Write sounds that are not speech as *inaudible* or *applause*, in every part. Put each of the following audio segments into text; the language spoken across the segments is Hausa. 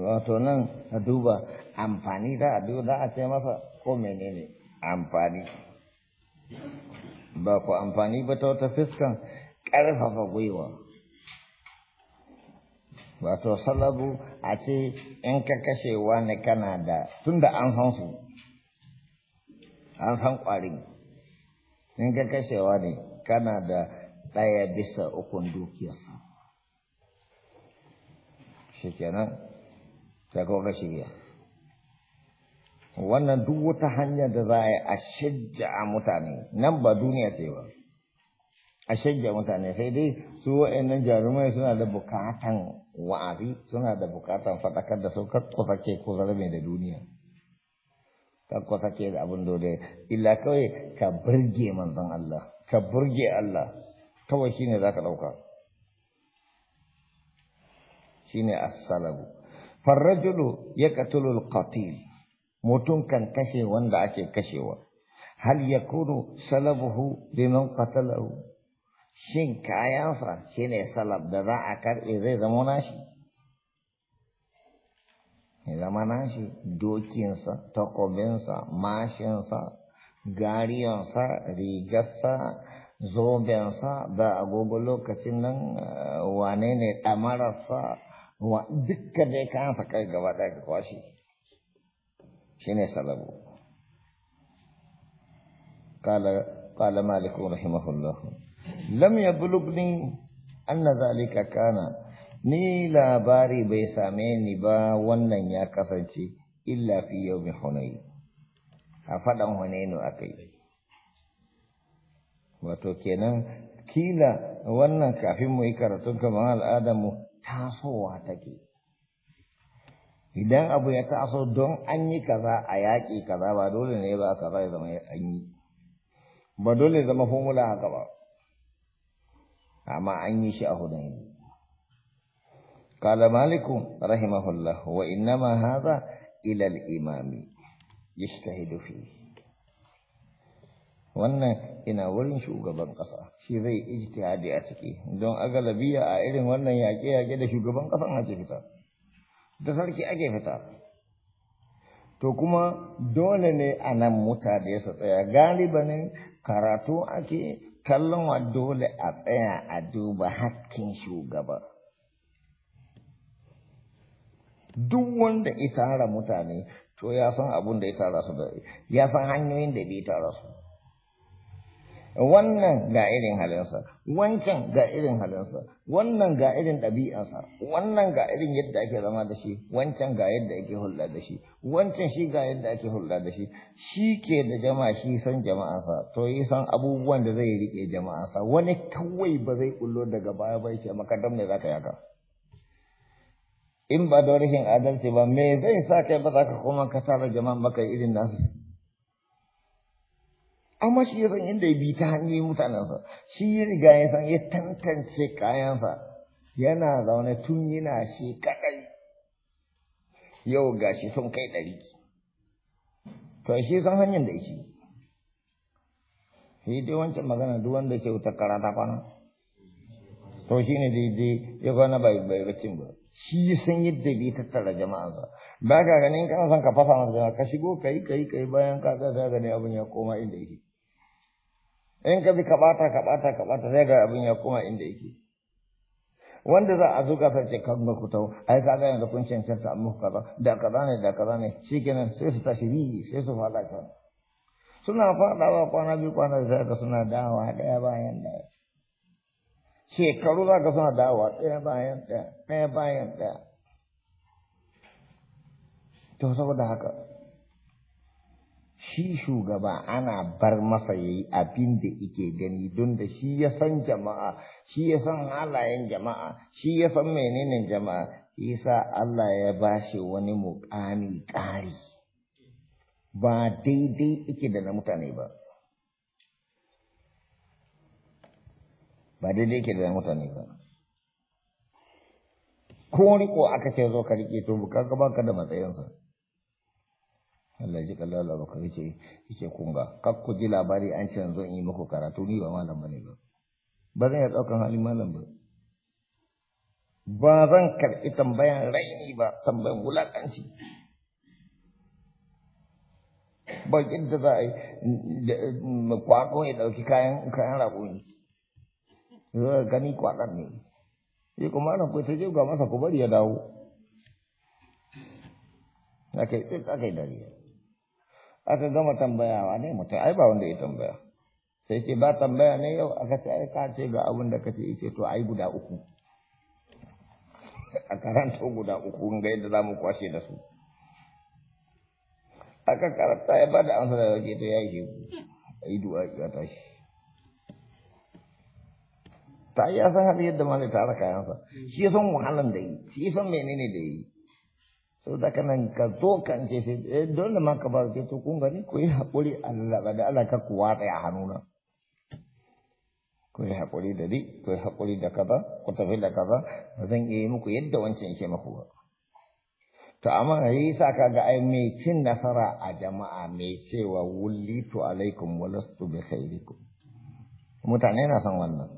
wato nan a duba amfani da a duba a ce masa ko menene amfani ba ku amfani ba ta wata fiskan ƙarfafa gwiwa wato salabu a ce in ka kashewa ne kana da tun da an san su an san ƙwarin in ka kashewa ne kana da ɗaya bisa ukun dukiyarsa shi kenan sai ko ka shirya wannan duk wata hanya da za a yi a shajja mutane nan ba duniya ce ba a shajja mutane sai dai su wa'annan jarumai suna da bukatan wa'azi suna da bukatan faɗakar da su kakkusa ke ko zarme da duniya kakkusa ke da abin dole illa kawai ka burge manzon Allah ka burge Allah kawai shine zaka ɗauka shine assalamu farrajulu ya katulul qatil mutum kan kashe wanda ake kashewa hal yakunu salabuhu liman qatalahu shin kayansa shine salab da za a karbe zai zama nashi ya zama nashi dokinsa takobinsa mashinsa gariyansa rigarsa zobensa da agogo lokacin nan eh, wane ne ɗamararsa wa dukkan dai kai gaba ɗaya ka kwashe shine salabu qala qala malik rahimahullah lam zalika kana ni labari bai same ni ba wannan ya kasance illa fi yawmi hunayn a fadan hunainu wato kenan kila wannan kafin mu yi karatun kamar al'adamu tasowa take idan abu ya taso don an yi kaza a yaƙi kaza ba dole ne ba kaza ya zama an yi ba dole ya zama formula haka ba amma an yi shi a hudun yi rahimahullah wa رحمه الله وإنما هذا إلى الإمام يجتهد فيه wannan ina wurin shugaban ƙasa shi zai ijtihadi a ciki don agalabiya a irin wannan yaƙe-yaƙe da shugaban ƙasan ake fita da sarki ake fita to kuma dole ne a nan mutane su tsaya galibanin karatu ake kallon wa dole a tsaya a duba hakkin shugaba duk wanda ya tara mutane to ya san abun da ya tara su da ya san hanyoyin da bai tara su wannan ga irin halinsa wancan ga irin halinsa wannan ga irin ɗabi'arsa wannan ga irin yadda ake zama da shi wancan ga yadda ake hulɗa da shi wancan shi ga yadda ake hulɗa da shi shi ke da jama'a shi san jama'arsa to yi san abubuwan da zai riƙe jama'arsa wani kawai ba zai kullo daga baya ba ce makadam ne za ka yaka in ba da rashin adalci ba me zai sa kai ba za ka koma ka tara jama'a maka irin nasu amma shi ya san inda ya bi ta hanyoyin mutanensa shi ya riga ya san ya tantance kayansa yana zaune tun yana shi kadai yau shi sun kai ɗari to shi san hanyar da shi shi dai wancan magana duk wanda ke wuta karata kwana to shi ne daidai ya kwana bai bai bacin ba shi san yadda bai tattara jama'a ba ka ganin kana san ka fasa masa jama'a ka shigo kai kai kai bayan ka ga gani abin ya koma inda yake in ka bi kaɓata kaɓata ka bata sai ga abin ya koma inda yake wanda za a zo ka sace kan ga ku tau ai ka ga yanzu kun cancanta amma kaza da kaza ne da kaza ne shikenan sai su tashi bi sai su fada can suna ba kwana biyu kwana sai ka suna dawa daya bayan daya shekaru za ka suna dawa daya bayan daya daya bayan daya to saboda haka shi shugaba ana bar masa yayi abin da yake gani don da shi ya san jama'a shi ya san halayen jama'a shi ya san menene jama'a yasa Allah ya bashi wani mukami ƙari ba daidai yake da na mutane ba ba daidai yake da na mutane ba ko riko aka ce zo ka rike to ka baka da matsayinsa Allah ji kallon labakar yake yake kunga ku ji labari an ce yanzu in yi muku karatu ni ba malam bane ba ba zan iya malam ba ba zan karɓi tambayan raini ba tambayan wulaƙanci ba yadda za a yi kwaɗo ya ɗauki kayan kayan rago gani kwaɗon ne yi kuma ana kwai ta ga masa ku bari ya dawo aka yi dariya aka gama tambayawa ne mutum ai ba wanda ya tambaya sai ce ba tambaya ne yau aka ce ai ka ce ga abin da kace ce to ai guda uku *laughs* a karanta guda uku ga yadda za mu kwashe da su aka karanta ya bada amsa da yake to ya yi a yi du'a ya tashi ta ya san hali yadda ma zai tara kayansa shi san wahalan da yi shi san menene da yi sau da kanan ka zo kan ce sai dole ma ka bar ce to kun gani ku yi haƙuri Allah da Allah ka kuwa tsaya eh, hannuna ku yi haƙuri da ri ku yi haƙuri da kaza ku tafi da kaza ba zan yi muku yadda wancan yake maku ba to amma yi sa kaga ai mai cin nasara a ah, jama'a mai cewa wullitu alaikum walastu bi khairikum mutane na san wannan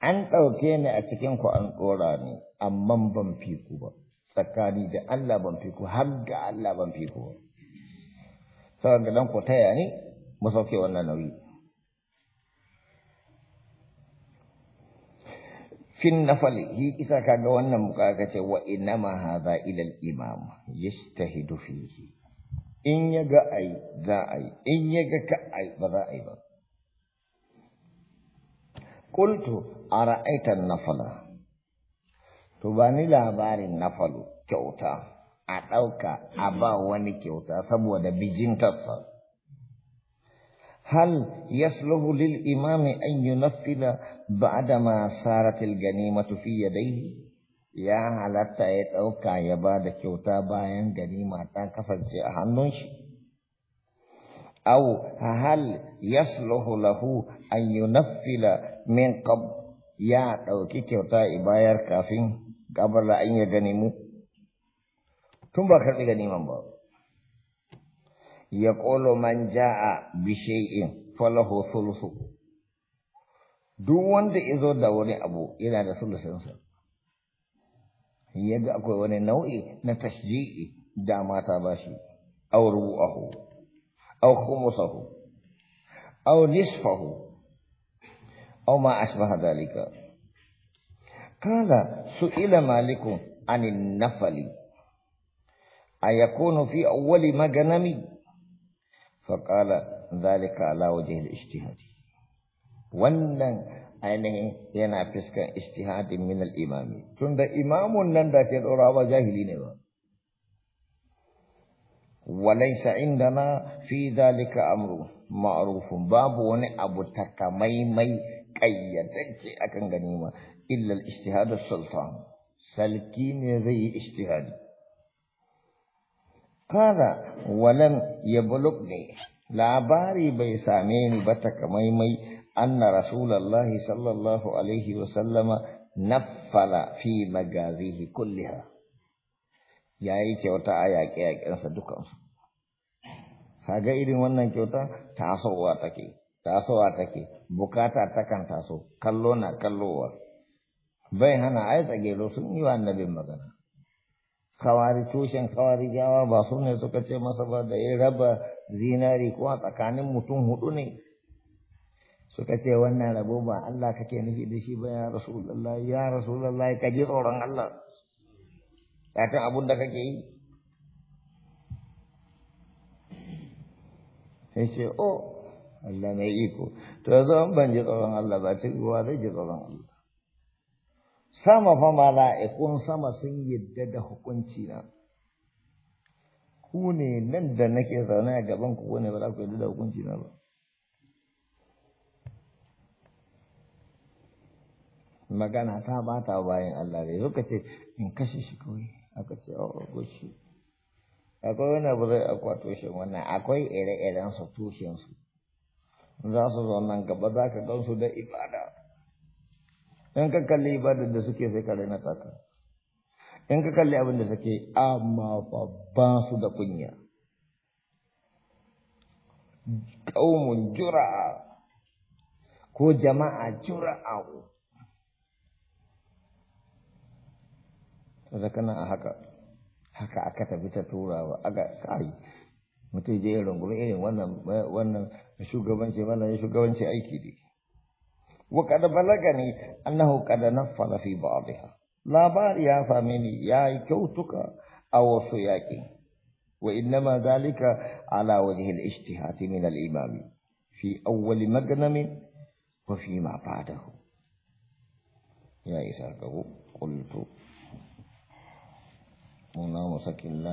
an ɗauke ni a cikin ku an ɗora ni amma ban fi ku ba tsakani da Allah ban fi ku har ga Allah ban fi ku saboda dan ku taya ne mu wannan nauyi fin nafali hi isa ka ga wannan muka ce wa inama hadha ila al imam yastahidu fihi in ga ai za ai in ga ka ai ba za ai ba qultu ara'aita an-nafala to ba ni labarin na falo kyauta a ɗauka a ba wani kyauta saboda bijin tasa hal yasluhu lil imami an yunaffila ba'dama sarat al ganimatu fi yadayhi ya halatta ya ɗauka ya ba da kyauta bayan ganima ta kasance a hannun shi aw hal yasluhu lahu an yunaffila min qab ya ɗauki kyauta ibayar kafin gabar da an yi gani mu tun ba karɓi ganiman ba ya ƙolo man ja'a bishe'in falahu thuluthu. duk wanda ya zo da wani abu yana da sa. yadda akwai wani nau'i na tashji'i da mata ba shi aw ru'ahu aw khumsahu aw nisfahu aw ma asbaha dalika قال سئل مالك عن النفل أيكون في أول ما جنمي فقال ذلك على وجه الاجتهاد وانا أنه ينا فسك اجتهاد من الإمام ثم إمام نندا في الأرى وجاهلين وليس عندنا في ذلك أمر معروف باب ون أبو تكا kayyadacce akan ganima illa al-ijtihad as-sultan salki ne zai yi ijtihadi qala walam yablughni labari bai same ni ba takamaimai anna rasulullahi sallallahu alaihi wa sallama naffala fi magazihi kulliha yayi kyauta a yaƙe-yaƙensa dukansu kaga irin wannan kyauta tasowa take tasowa take bukata takan taso kallo na kallowa bai hana ai lo sun yi wa annabin magana kawari tushen kawari gawa ba su ne suka ce masa ba da ya raba zinari ko a tsakanin mutum hudu ne suka ce wannan rabo ba Allah kake nufi da shi ba ya rasulullah ya rasulullah ka ji tsoron Allah ya ta abun da kake yi sai ce oh Allah mai iko to yanzu ban Allah ba cikin ruwa zai Allah sama fa Kun sama sun yadda da hukunci na ku ne nan da nake zaune a gaban ku ne ba za ku yadda da hukunci na ba magana ta ba ta bayan Allah ne suka ce in kashe shi kawai aka ce a oh, shi. akwai wani abu zai akwato wannan akwai ire-iren su tushen su za su zo nan gaba za ka gan su da ibada in ka kalli ibadar da suke sai ka raina taka in ka kalli abin da suke amma fa su da kunya qaumun jura'a ko jama'a jura'a ko. Zaka kana a haka haka aka tafi ta turawa aga kai mutum je irin gurin irin wannan wannan shugabanci wannan shugabanci aiki ne wa kada balagani annahu kada nafala fi ba'dha labari ya same ni yayi kyautuka a wasu yaƙi wa innama zalika ala wajhi al-ijtihad min al imam fi awwal magnam wa fi ma ba'dahu ya isa gabu qultu ونعم muna musakin